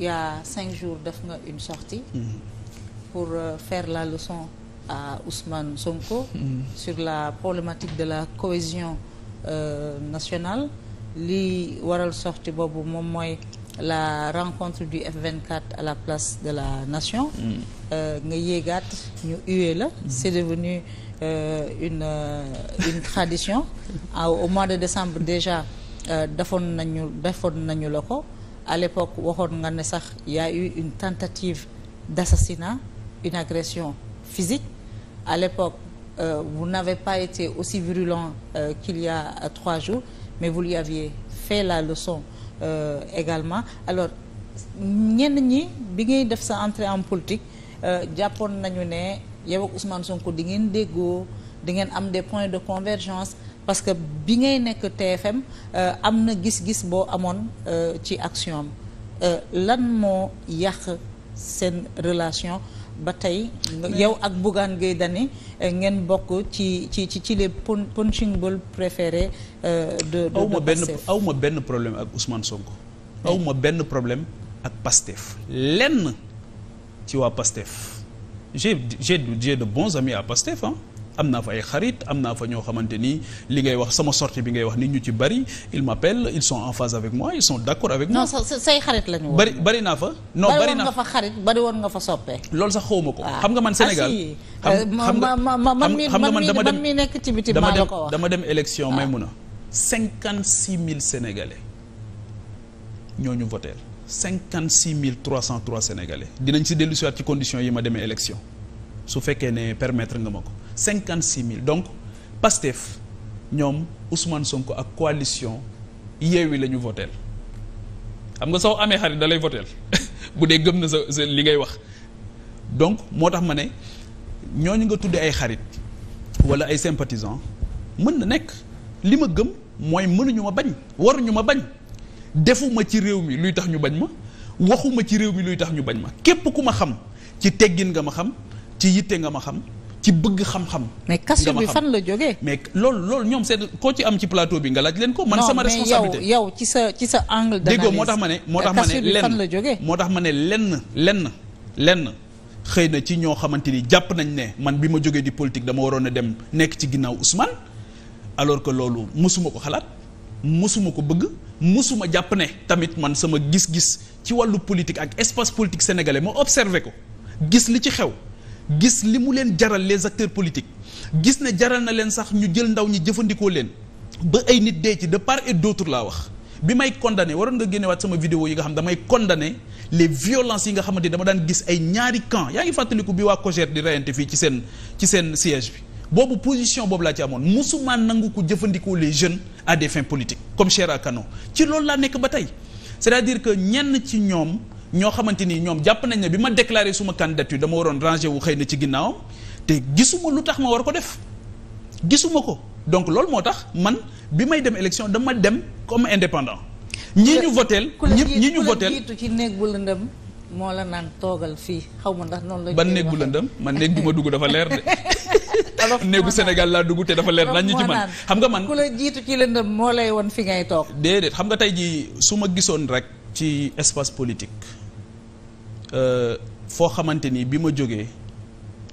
il cinq jours def nga une sortie mm. pour euh, faire la leçon à Ousmane Sonko mm. sur la problématique de la cohésion euh, nationale li waral sorti boobu moom mooy la rencontre du F24 à la place de la nation mm. euh, nga yéegaat ñu hué la c'est devenu euh, une euh, une tradition ah, au mois de décembre déjà defoon nañu defoon nañu la ko à l'époque waxoon nga ne sax ya a eu une tentative d'assassinat une agression physique à l'époque euh, vous n'avez pas été aussi virulent euh, qu'il y trois jours mais vous lui aviez fait la leçon euh, également alors ñenn ñi bi ngay def sa entre en politique euh, jàppoon nañu ne yow ak Ousmane Sonko di ngeen déggoo di ngeen am des point de convergence parce que bi ngay nekk TFM euh, am na gis-gis boo amoon euh, ci action am euh, lan moo yàq seen relation ba tey yow ak Bougane Gueye Dany ngeen bokk ci ci ci les punching ball préférés de aw ma benn aw ma benn problème ak Ousmane Sonko aw ma benn problème ak Pastef lenn ci waa Pastef j'ai j'ai de bons amis à Pastef ah am naa fa ay xarit am naa fa ñoo xamante ni li ngay wax sama sortie bi ngay wax nit ñu ci bari ils m'appellent ils sont en phase avec moi ils sont d'accord avec moi. non say xarit la ñu bari bari naa fa. non bari naa fa xarit bari woon nga fa soppee loolu sax xawma ko. Ah, xam nga man Sénégal xam nga man mii man mii nekk ci biti maa la ko wax dama dem élection ah. may mun a. cinquante six mille sénégalais ñoo ñu voté cinquante six mille trois cent trois sénégalais dinañ si dellusiwaat ci conditions yi ma demee élection su fekkee ne permettre nga cinquante six mille donc Pastef ñoom Ousmane sonk ak coalition Yewwi la ñu voteel xam nga soo amee xarit da lay voteel bu dee gëm na sa sa li ngay wax donc moo tax ma ne ñooñu nga tuddee ay xarit wala ay sympathisants mën na nekk li ma gëm mooy mënuñu ma bañ waruñu ma bañ defuma ci réew mi luy tax ñu bañ ma waxuma ci réew mi luy tax ñu bañ ma képp ku ma xam ci teggin nga ma xam ci yittee nga ma xam ci bëgg xam-xam. mais question bi fan la jógee. mais loolu loolu ñoom seen koo ci am ci plateau bi nga laaj leen ko. man sama responsabilité non mais yow ci sa ci sa angle. d'analyse déggoo moo tax ma ne. moo tax ma ne lenn moo tax ma ne lenn lenn lenn. xëy na ci ñoo xamante ni jàpp nañ ne man bi ma jógee di politique dama waroon a dem nekk ci ginnaaw Ousmane alors que loolu mosuma ko xalaat mosuma ko bëgg mosuma jàpp ne tamit man sama gis-gis ci wàllu politique ak espace politique sénégalais ma observé ko gis li ci xew. gis li mu leen jaral les acteurs politiques gis ne jaral na leen sax ñu jël ndaw ñi jëfandikoo leen ba ay nit dee ci de part et d'autre laa wax bi may condamné waroon nga génnewaat sama vidéo yi nga xam damay condamné les violences yi nga xamante ni dama daan gis ay ñaari camp yaa ngi fàttaliku bi waa COJER di reyante fii ci seen ci seen siège bi boobu position boobu laa ci amoon musuma nangu ko jëfandikoo les jeunes à des fins politiques comme Cheikh Akano ci loolu nekk ba tey c'est-à-dire que ñenn ci ñoom ñoo xamante ni ñoom jàpp nañ ne bi ma déclaré suma candidature dama waroon ranger wu xëy na ci ginnaawam te gisuma lu tax ma war ko def gisuma ko donc loolu moo tax man bi may dem élection dama dem comme indépendant. ñi ñu voteel ñëpp ñi ñu voteel jiitu ci néeg bu lëndëm moo la naan toogal fii xaw ma ndax noonu la. ban néeg bu lëndëm man néeg bi ma dugg dafa leer de. néegu Sénégal laa dugg te dafa leer nañ ñu ci man xam nga man ku la jiitu ci lëndëm moo lay won fi ngay toog. déedéet xam nga tey jii su ma gisoon rek. ci espace politique euh, foo xamante ni bi ma jógee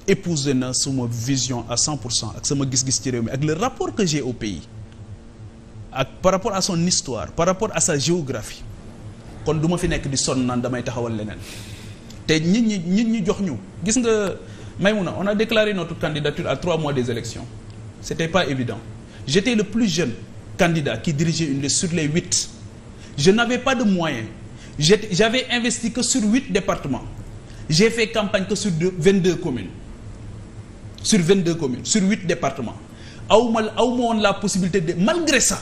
épousé na su suma vision à cent pour cent ak sama gis-gis ci réew mi ak le rapport que j'ai au pays ak par rapport à son histoire par rapport à sa géographie kon du ma fi nekk di sonn naan damay taxawal leneen te nit ñi nit ñi jox ñu gis nga Maïmouna on a déclaré notre candidature à trois mois des élections c'était pas évident j'étais le plus jeune candidat qui dirigeait une liste sur les huit je n'avais pas de moyens j'avais investi que sur huit départements j'ai fait campagne que sur vingt-deux commune sur vingt-deux communes sur huit départements awma awma woon la possibilité de malgré ça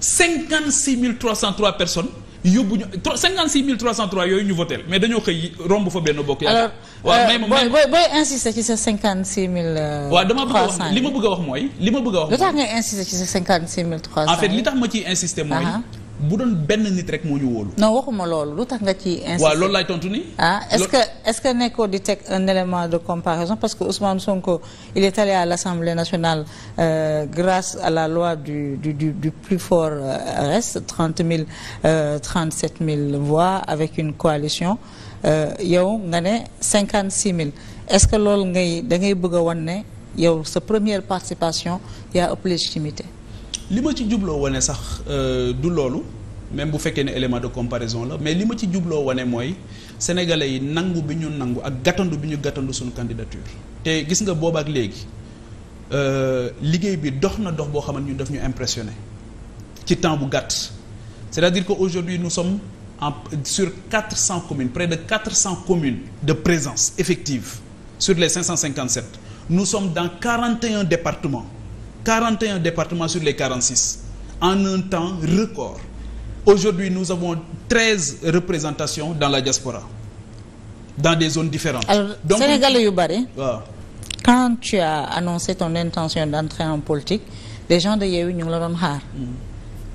cinquante six mille trois cent trois personnes yóbbu ñu 56 303 yooyu ñu voté mais dañoo xëy romb fa benn bokk. alors waaw may euh, ma booy booy insister ci sa 56 300. Euh, waaw dama bëgg li ma bëgg a wax mooy. li ma bëgg a wax mooy lu tax ngay insister ci sa 56 li tax ma ciy insister mooy. bu doon benn nit rek moo ñu wóolu. non waxuma loolu lu tax nga ci. insister waaw loolu laay tontu ni ah est-ce que est-ce que nekkoo di teg un élément de comparaison parce que Ousmane Sonko il est allé à l'Assemblée nationale euh, grâce à la loi du du du, du plus fort euh, reste trente mille euh, trente sept mille voix avec une coalition euh, yow nga ne cinquante six mille est-ce que loolu ngay da ngay bëgg a wan ne yow sa première participation yaa ëpp légitimité. li ma ci jubloo wane sax euh, du loolu même bu fekkee ne élément de comparaison la mais li ma ci jubloo wane mooy sénégalais yi nangu bi ñu nangu ak gàttandu bi ñu gàttandu suñu candidature te gis nga booba ak léegi euh, liggéey bi dox na dox boo xamante ñu daf ñu impressionné ci temps bu gàtt c'est-à-dire que aujourd'hui nous sommes en sur quatre cent communes près de quatre cent communes de présence effective sur les cinq cent cinquante sept nous sommes dans quarante et un départements 41 départements sur les 46 en un temps record aujourd'hui nous avons 13 représentations dans la diaspora dans des zones différentes. Alors, donc Sénégalais yu bëri. waaw ah. quand tu as annoncé ton intention d'entrer en politique des gens de Yewwi ñu la doon xaar. Hmm.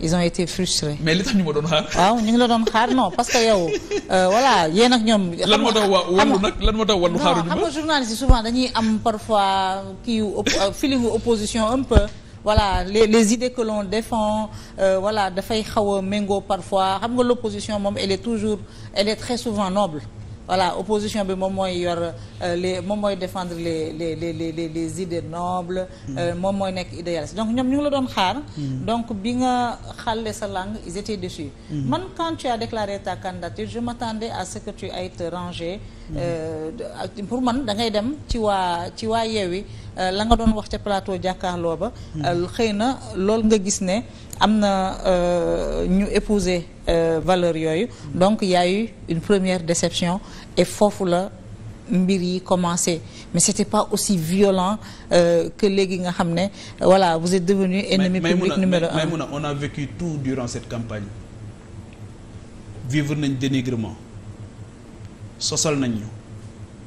ils ont été frustrés. mais li tax ñu ma doon xaar. waaw ñu ngi la doon xaar non parce que yow euh, voilà yéen ak ñoom. lan moo tax waa wallu nag lan moo tax wallu xaaruñu ma. xam nga journaliste souvent dañuy am parfois kii euh, feeling opposition un peu. voilà les les idées que l'on défend euh, dafay xaw a méngoo parfois xam nga l'opposition moom elle est toujours elle est très souvent noble. voilà opposition bi moom mooy yor euh, les moom mooy défendre les les les les les idées nobles. Hmm. Euh, moom mooy nekk idéaliste donc ñoom ñu ngi la doon xaar. Hmm. donc bi nga xàlle sa langue ils étaient déçus. Hmm. man quand tu as déclaré ta candidature je m'attendais à ce que tu ailles te ranger. Euh, pour man da ngay dem ci waa ci waa Yewwi la nga doon wax ca plateau jàkkaarloo ba. xëy na loolu nga gis ne am na ñu épouser valeurs yooyu donc y une première déception. et foofu la mbir yi commencé mais c'était pas aussi violent euh, que léegi nga xam ne voilà vous êtes devenu ennemi mais, public mais, numéro mais, un Maïmouna on a vécu tout durant cette campagne vivre nañ dénigrement sosal nañ ñu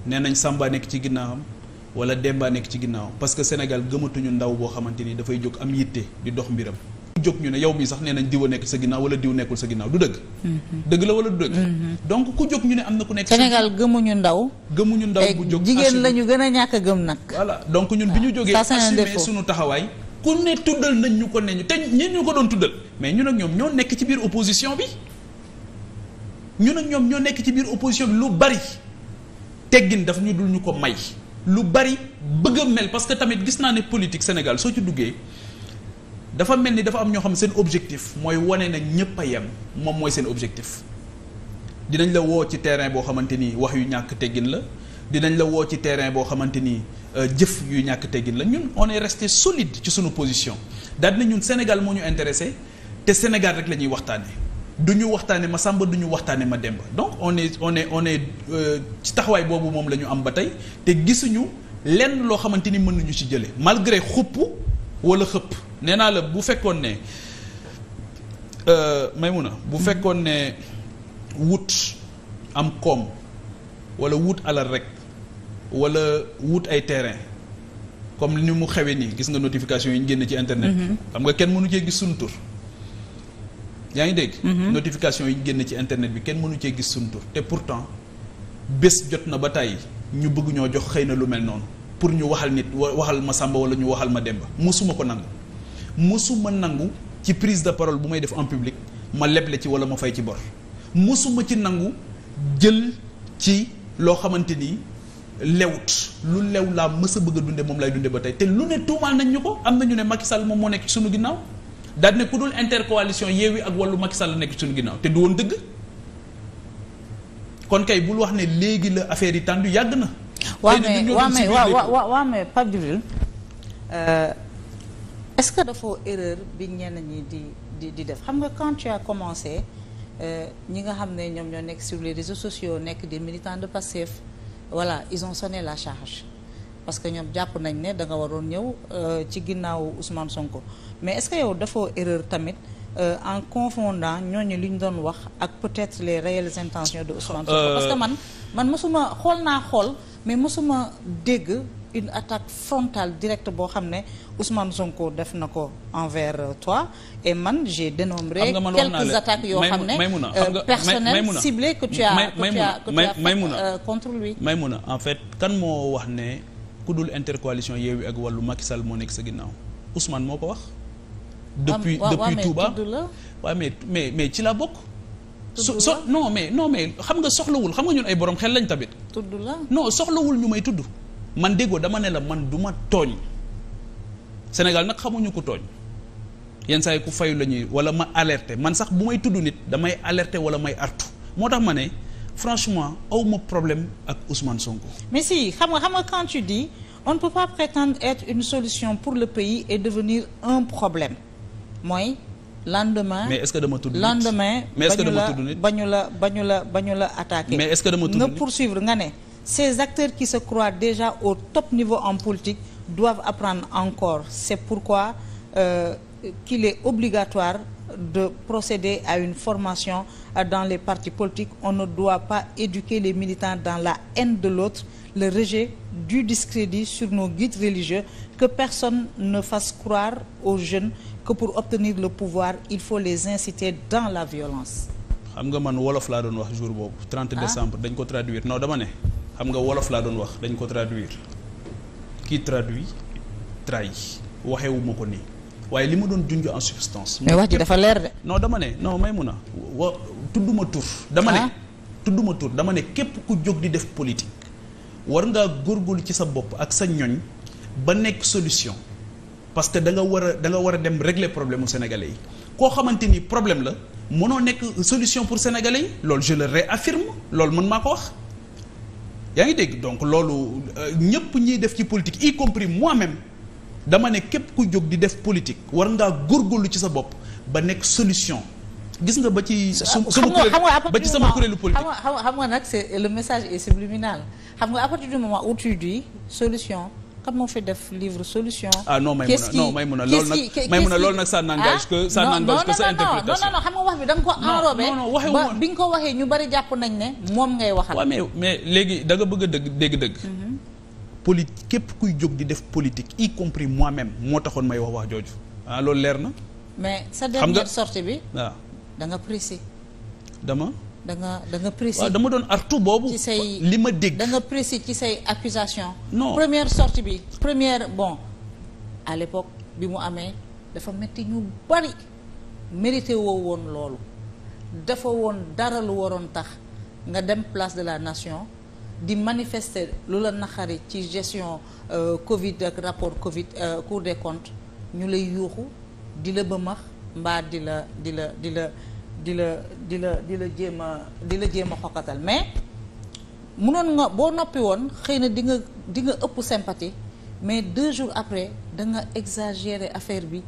nee nañ Samba nekk ci ginnaawam wala Demba nekk ci ginnaawam parce que Sénégal gëmatuñu ndaw boo xamante ni dafay jóg am yitte di dox mbiram jóg ñu ne yow mii sax nee nañ diw a nekk sa ginnaaw wala diw nekkul sa ginnaaw du dëgg mhm. dëgg la wala du dëgg mhm. donc ku jóg ñu ne am na ku nekk Sénégal gëmuñu ndaw gëmuñu ndaw bu jóg jigéen la ñu gën a ñàkk a gëm nag voilà donc ñun bi ñu ah, jógee assumé suñu taxawaay ku ne tuddal nañ ñu ko ne ñu te ñeen ñu ko doon tuddal mais ñun ak ñoom ñoo nekk ci biir opposition bi ñun nag ñoom ñoo nekk ci biir opposition bi lu bari teggin daf ñu dul ñu ko may lu bari bëgg a mel parce que tamit gis naa ne politique Sénégal soo ci duggee dafa mel ni dafa am ñoo xam seen objectif mooy wane na ñëpp a yem moom mooy seen objectif dinañ la woo ci terrain boo xamante ni wax yu ñàkk teggin la dinañ la woo ci terrain boo xamante ni euh, jëf yu ñàkk teggin la ñun on est resté solide ci suñu position daal dina ñun Sénégal moo ñu intéressé te Sénégal rek la ñuy waxtaanee du ñu waxtaanee ma sàmba duñu ñu waxtaanee ma demba donc on est on est on est euh, ci taxawaay boobu moom la ñu am ba tey te gisuñu lenn loo xamante ni mën nañu ci jëlee malgré xupp wala xëpp. nee naa la bu fekkoon ne may euh, Maymuna bu hmm. fekkoon ne wut am koom wala wut alal rek wala wut ay terrain comme ni mu xewee nii gis nga notification yi ñu génn ci internet. Hmm. xam nga kenn mënu cee gis suñu yaa ngi dégg. Hmm. notification yi ñu génn ci internet bi kenn mënu cee gis suñu tur te pourtant bés jot na ba tàyyi ñu bëgg jox xëy na lu mel noonu pour ñu waxal nit waxal ma sàmba wala ñu waxal ma Demba mosuma ko nangu. mësuma nangu ci prise de parole bu may def en public ma leble ci walla ma fay ci bor mësuma ci nangu jël ci loo xamante ni lewut lu lew laa mës a bëgg a dunde moom lay dunde ba tey te lu ne tuumaal nañ ñu ko am na ñu ne Macky Sall moom moo nekk ci suñu ginnaaw daal ne ku dul intercoalition Yewwi ak Wallu Macky la nekk ci suñu ginnaaw te du woon dëgg kon kay bul wax ne léegi la affaire yi tàndu yàgg na. xëy na waaw mais waaw mais Pape euh, est que dafoo erreur bi ñenn ñi di di di def xam nga quand tu as euh, ñi nga xam ne ñoom ñoo nekk sur les réseaux sociaux nekk des militants de Pastef voilà ils ont sonné la charge parce que ñoom jàpp nañ ne da nga waroon ñëw euh, ci ginnaaw Ousmane Sonko mais est-ce que yow dafoo erreur tamit euh, en confondant ñooñu li ñu doon wax ak peut-être les réelles intentions de Ousmane Sonko parce que man man mësuma xool naa xool mais mësuma dégg une attaque frontale directe boo xam ne Ousmane Sonko def na ko envers toi et man j'ai dénombré quelques attaques yoo xam ne personnelles ciblées que tu as que tu as faites euh, contre lui Maïmouna en fait kan moo wax ne ku dul intercoalition Yewwi ak Wallu Macky Sall moo nekk sa ginnaaw Ousmane moo ko wax depuis depuis Touba waaw mais mais mais ci la bokk so so non mais non mais xam nga soxlawul xam nga ñun ay borom xel lañ tamit tudd la non soxlawul ñu may tudd man déggoo dama ne la man du ma tooñ Sénégal nag xamuñu ko tooñ yenn saa yi ku fayu la ñuy wala ma alerte man sax bu may tudd nit damay alerter wala may artu moo tax ma ne franchement aw ma problème ak Ousmane Sonko. mais si xam nga xam nga quand tu dis on ne peut pas prétendre être une solution pour le pays et devenir un problème mooy. lendemain mais est-ce que dama tudd nit lendemain. la ba ñu la ba ñu la attaqué. mais est-ce que dama tudd nit nga poursuivre nga ne. ces acteurs qui se croient déjà au top niveau en politique doivent apprendre encore. C'est pourquoi euh, qu'il est obligatoire de procéder à une formation euh, dans les partis politiques. On ne doit pas éduquer les militants dans la haine de l'autre, le rejet du discrédit sur nos guides religieux, que personne ne fasse croire aux jeunes que pour obtenir le pouvoir, il faut les inciter dans la violence. xam nga man wolof laa doon wax jour boobu. 30 ah. décembre dañ ko traduire non dama ne. xam nga wolof laa doon wax dañ ko traduire qui traduit trahit waxewuma ko nii waaye li ma doon junj en substance. mais wax ji dafa leer de. non dama ne non may mun a wa tudduma tur. dama ne ah. tudduma tur dama ne képp ku jóg di def politique. war ngaa góorgóorlu ci sa bopp ak sa ñoñ ba nekk solution parce que da nga war a da nga a dem régler problème mu sénégalais yi koo xamante ni problème la mënoo nekk solution pour sénégalais yi loolu je le réaffirme loolu mën maa ko wax. yaa ngi dégg donc loolu euh, ñëpp ñiy def ci politique y compris moi-même dama ne képp ku jóg di def politique war ngaa góorgóorlu ci sa bopp ba nekk solution gis nga ba ci. xam nga ba ci sama kuréelu politique. xam nga xam nga nag c'est le message et subliminal xam nga à partir du moment où tu solution. xam moo fi def livre solution. ah non may mun a non may mun a loolu nag may ah? nga wax bi da ko enrobé. non non bi nga ko waxee ñu bari jàpp nañ ne moom ngay waxal. waaw mais mais léegi danga bëgg dëgg dégg-dëgg. Mhm. politique képp kuy jóg di def politique y compris moi-même moo taxoon may wax wax jooju ah, loolu leer na. mais sa dernière sortie bi. waaw da nga précis. dama. da nga da nga précis. dama doon artu boobu. ci say li ma dégg da nga ci say accusation non première sorti bi première bon à bi mu amee dafa metti ñu bari mérité woo woon loolu dafa woon dara lu waroon tax nga dem place de la nation di manifester lu la naxari ci gestion euh, Covid ak rapport Covid euh, de des comptes ñu lay yuuxu di la bëmax mbaa di la di la di la. di la di la di la jéem a di la jéem a xokkatal mais munoon nga boo noppi woon xëy na di nga di nga ëpp sympathie mais deux jours après da nga exagérer affaire bi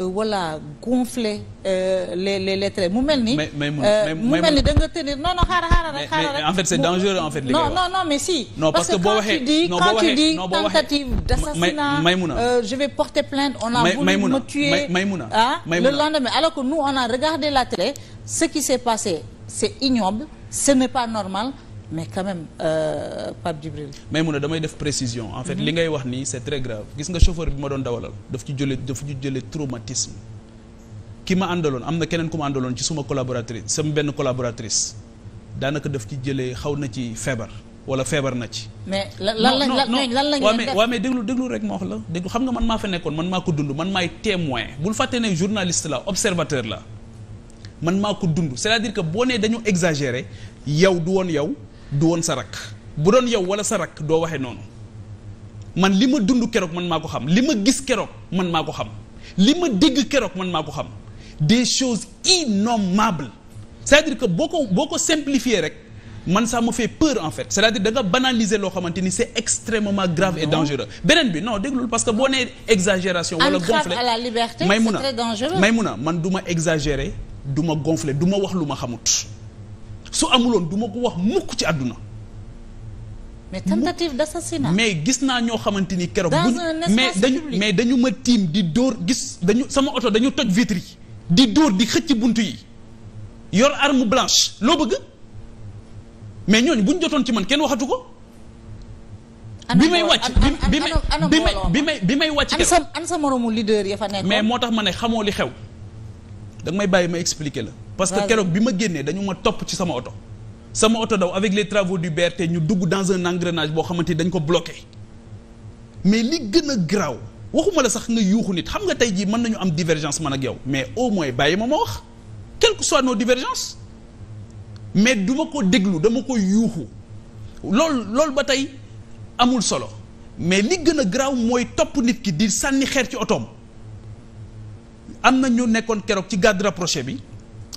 Euh, voilà gonfler euh, les les les traits euh, mu mel ni. mais mu mel ni da nga tenir non non xaaral xaaral rek. xaaral rek en fait c'est dangereux en fait. li non non non mais si. non parce que boo waxee non boo waxee non boo waxee tentative d'assassinat. Maïmouna je vais porter plainte on a voulu me tuer Maïmouna ah le lendemain alors que nous on a regardé la télé ce qui s'est passé c'est ignoble ce n'est pas normal. mais quand même euh, Pape mais mu ne damay def précision en fait mhm. li ngay wax nii c'est très grave gis nga chauffeur bi ma doon dawalal daf ci jële daf ci jële traumatisme ki ma àndaloon am na keneen ku ma àndaloon ci suma collaboratrice sama benn collaboratrice daanaka daf ci jëlee xaw na ci feebar wala feebar na ci. mais lan lan la lan la ñu def waaw mais déglu déglu rek ma la déglu xam nga man maa fa nekkoon man maa ko dund man maay témoin bul fàtte ne journaliste la observateur la man maa ko dund cest à que boo nee dañu exagéré yow du woon yow du woon sa rakk bu doon yow wala sa rakk doo waxee noonu man li ma dund keroog man maa ko xam li ma gis keroog man maa ko xam li ma dégg keroog man maa ko xam des choses innommables c'est-à-dire que boo ko boo ko simplifier rek man ça ma fait peur en fait c'est-à-dire da nga banaliser loo xamante ni c'est extrêmement grave non. et dangereux beneen bi non déglul parce que boo nee exagération wala gonfler à la liberté, Maïmouna, c'est très dangereux Maïmouna man du ma exagérer du ma gonfler du wax lu ma xamut su amuloon du ma ko wax mukk ci àdduna mais tentative d'assassinat mais gis naa ñoo xamante ni keroog. mais dañu mais dañu ma tiim di dóor gis dañu sama oto dañu toj vitre yi. di dóor di xëcc bunt yi yor arme blanche loo bëgg mais ñooñu buñ ñu jotoon ci man kenn waxatu ko. bi may wàcc bi may bi may bi may wàcc. keroog an sa moromu leader ya fa mais moo tax ma ne xamoo li xew. danga may bàyyi ma expliquer la. parce que keroog bi ma génnee dañu ma topp ci sama oto sama oto daw avec les travaux du BRT ñu dugg dans un engrenage boo xamante dañ ko bloqué mais li gën a garaaw waxuma la sax nga yuuxu nit xam nga tey jii mën nañu am divergence man ak yow mais au moins bàyyi ma ma wax quelles que soient nos mais du ma ko déglu dama ko yuuxu loolu loolu ba tey amul solo mais li gën a garaaw mooy topp nit ki di sànni xeer ci otoom am na ñu nekkoon keroog ci garde rapproché bi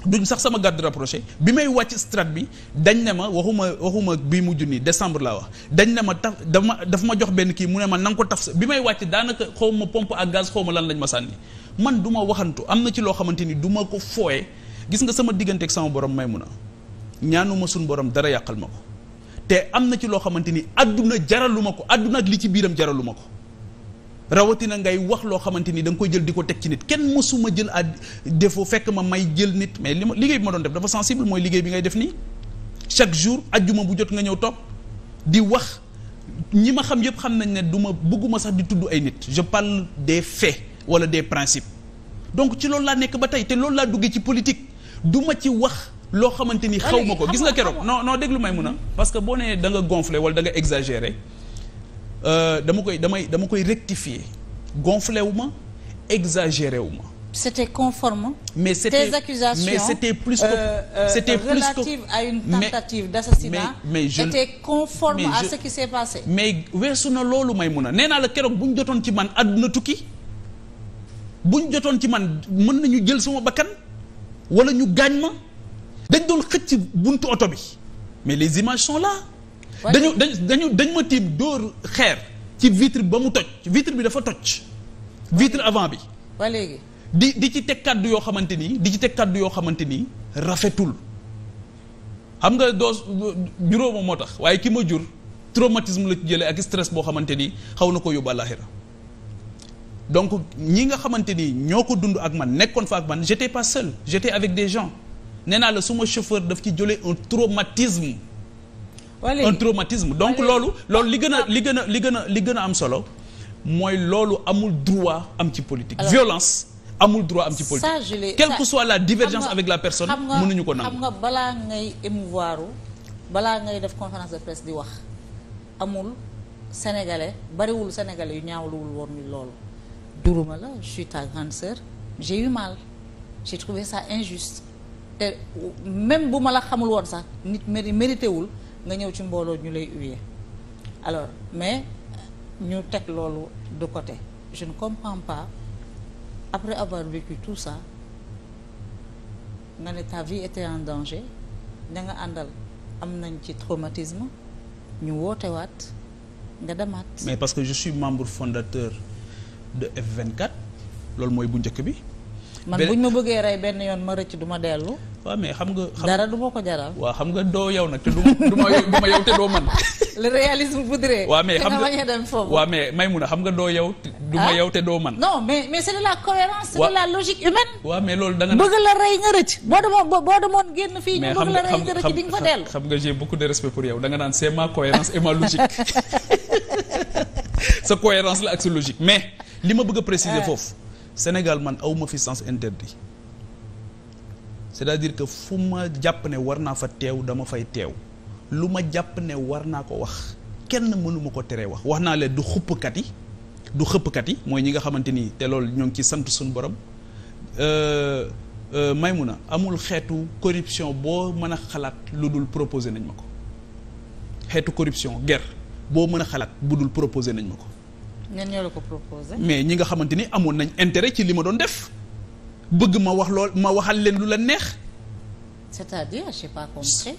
duñ sax sama garde rapproché bi may wàcc strat bi dañ ne ma waxuma waxuma bii mujj nii décembre laa wax dañ ne ma taf dama dafa ma jox benn kii mu ne ma na ko taf sa bi may wàcc daanaka xaw ma pompe à gaz xaw ma lan lañ ma sànni man du ma waxantu am na ci loo xamante ni duma ko fooye gis nga sama digganteeg sama borom may mun a ñaanuma suñ borom dara yàqal ma ko te am na ci loo xamante ni àdduna jaraluma ko àdduna ak li ci biiram jaraluma ko rawatina ngay wax loo xamante ni danga koy jël di ko teg ci nit kenn mësuma jël à défaut fekk ma may jël nit mais li ma liggéey bi ma doon def dafa sensible mooy liggéey bi ngay def nii chaque jour ajjuma bu jot nga ñëw toog di wax ñi ma xam yëpp xam nañ ne duma bëgguma sax di tudd ay nit je parle des faits wala des principes donc ci loolu laa nekk ba tey te loolu laa duggee ci politique duma ci wax loo xamante ni xaw ma ko gis nga keroog non non déglu may mun parce que boo nee da nga gonfler wala da nga exagérer Euh, dama koy damay dama koy rectifier gonflé wu ma exagéré wu ma. c'était conforme. mais c'était tes accusations mais c'était plus que euh, euh c'était plus que relative à une tentative d'assassinat. mais mais je était conforme mais à je, ce weesu na loolu may mun a nee naa la keroog bu ñu jotoon ci man àdduna tukki bu ñu jotoon ci man mën nañu jël suma bakkan wala ñu gaañ ma dañ doon xëcc buntu oto bi mais les images sont là. dañu dañ dañu dañ ma tiim dóor xeer ci vitre ba mu toj vitre bi dafa toj vitre avant bi waa léegi di di ci teg kàddu yoo xamante nii di ci teg kàddu yoo xamante nii rafetul xam nga doo juróoma moo tax waaye ki ma jur traumatisme la ci jëlee ak stress boo xamante nii xaw na ko yóbbu àllaaxira donc ñi nga xamante ni ñoo ko dund ak man nekkoon fa ak man jete pas seul j'étais avec des gens nee naa la suma chauffeur daf ci jëlee un traumatisme un traumatisme donc loolu loolu li gën a ah. li gën a li gën a li gën a am solo mooy loolu amul droit am ci politique violence amul droit am ci politique quelle que soit la divergence avec la personne mënuñu ko nangu xam nga balaa ngay émouvoir balaa ngay def conférence de presse di wax amul sénégalais bariwul sénégalais yu ñaawluwul woon ni loolu duruma la je suis ta grande sœur j'ai eu mal j'ai trouvé ça injuste te même bu ma la xamul woon sax nit mérité wul nga ñëw ci mbooloo ñu lay huer alors mais ñu teg loolu de côté je ne comprends pas après avoir vécu tout ça nga ne ta vie était en danger da nga àndal am nañ ci traumatisme ñu wootewaat nga demaat mais parce que je suis membre fondateur de F24 loolu mooy bu njëkk bi man bu ñu ma bëggee rey benn yoon ma rëcc du ma dellu. waaw mais xam nga. dara du ma ko xam nga doo yow nag te du ma du te doo man le réalisme voudrait. waa mais xam nga te nga a dem foofu. waaw mais xam nga doo yow. du ma ah? yow te doo man non mais mais c'est de la cohérence. c'est de la logique humaine. waaw mais loolu da nga. la rey nga rëcc. boo demoon boo demoon génn fii ñu bëgg la rey nga xam nga j'ai beaucoup de respect pour yow naan c'est ma cohérence et logique sa cohérence la ak logique mais li ma bëgg a préciser eh. foofu Sénégal man aw ma fi sens interdit c'est-à-dire que fu ma jàpp ne war naa fa teew dama fay teew lu ma jàpp ne war naa ko wax kenn mënuma ko teree wax wax naa leen du xuppkat yi du xëppkat yi mooy ñi nga xamante ni te loolu ñoo ngi ci sant suñu borom euh, euh, Maymuna amul xeetu corruption boo mën a xalaat lu dul proposé nañ ma ko xeetu corruption guerre boo mën a xalaat bu dul proposé nañ ma ko ñan ñoo ko proposé. mais ñi nga xamante ni amoon nañ intérêt ci li ma doon def bëgg ma wax lool ma waxal leen lu la neex. c'est-à-dire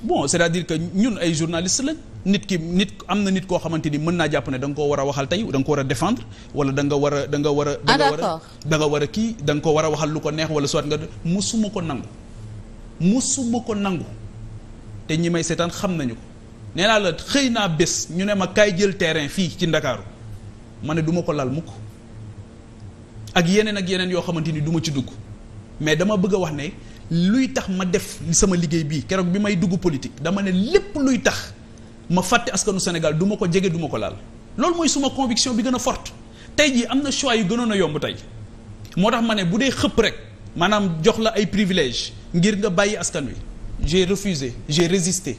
bon c'est-à-dire que ñun ay journalistes la nit ki nit am na nit koo xamante ni mën naa jàpp ne danga ko war a waxal tey da nga ko war a défendre wala da nga war a da nga war a. ah d'accord war a kii danga ko war a waxal lu ko neex wala soit nga musuma ko nangu musuma ko nangu te ñi may seetaan xam nañu ko nee naa la xëy naa bés ñu ne ma kaay jël terrain fii ci Ndakaaru. ma ne duma ko lal mukk ak yeneen ak yeneen yoo xamante ni duma ci dugg mais dama bëgg a wax ne luy tax ma def sama liggéey bii keroog bi may dugg politique dama ne lépp luy tax ma fàtte askanu Sénégal duma ko jege duma ko laal loolu mooy suma conviction bi gën a forte tey jii am na choix yu gënoon a yomb tey moo tax ma ne bu dee xëpp rek maanaam jox la ay privilèges ngir nga bàyyi askan wi j'ai refusé j'ai résisté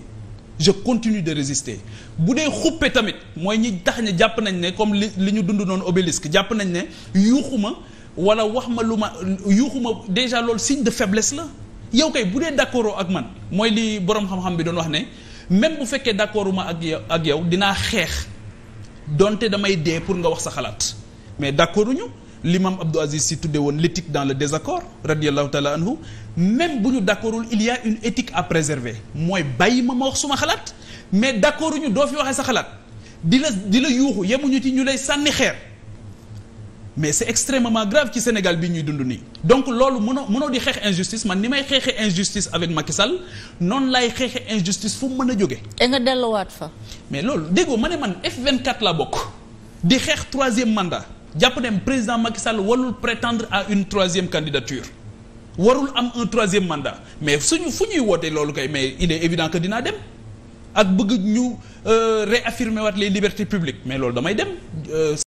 je continue de résister bu dee xuppe tamit mooy ñi tax ne jàpp nañ ne comme li li ñu dund noonu obélisque jàpp nañ ne ma wala wax ma lu ma yuuxuma déjà loolu signe de faiblesse la yow kay bu dee d'accord ak man mooy li boroom xam-xam bi doon wax ne même bu fekkee d'accorduma ak yow ak yow dinaa xeex donte damay dee pour nga wax sa xalaat mais d'accorduñu l'imam Abdou Aziz si tudde woon l'éthique dans le désaccord radiallahu taala anhu même bu ñu d'accordul il y a une éthique à préserver mooy bàyyi ma ma wax suma xalaat mais d'accorduñu doo fi waxee sa xalaat di la di la yuuxu yemuñu ci ñu lay sànni xeer mais c'est extremement grave ci Sénégal bi ñuy dund nii donc loolu mënoo mënoo di xeex injustice man ni may xeexe injustice avec Macky Sall noonu lay xeexe injustice fu mën a jóge et nga delluwaat fa mais loolu déggoo ma ne man F24 laa bokk di xeex troisième mandat jàpp ne président Macky Sall warul prétendre à une troisième candidature warul am un troisième mandat mais suñu fu ñuy wootee loolu kay mais il est évident que dinaa dem ak bëgg ñu euh, réaffirmer wat les libertés publique mais loolu damay dem. Euh,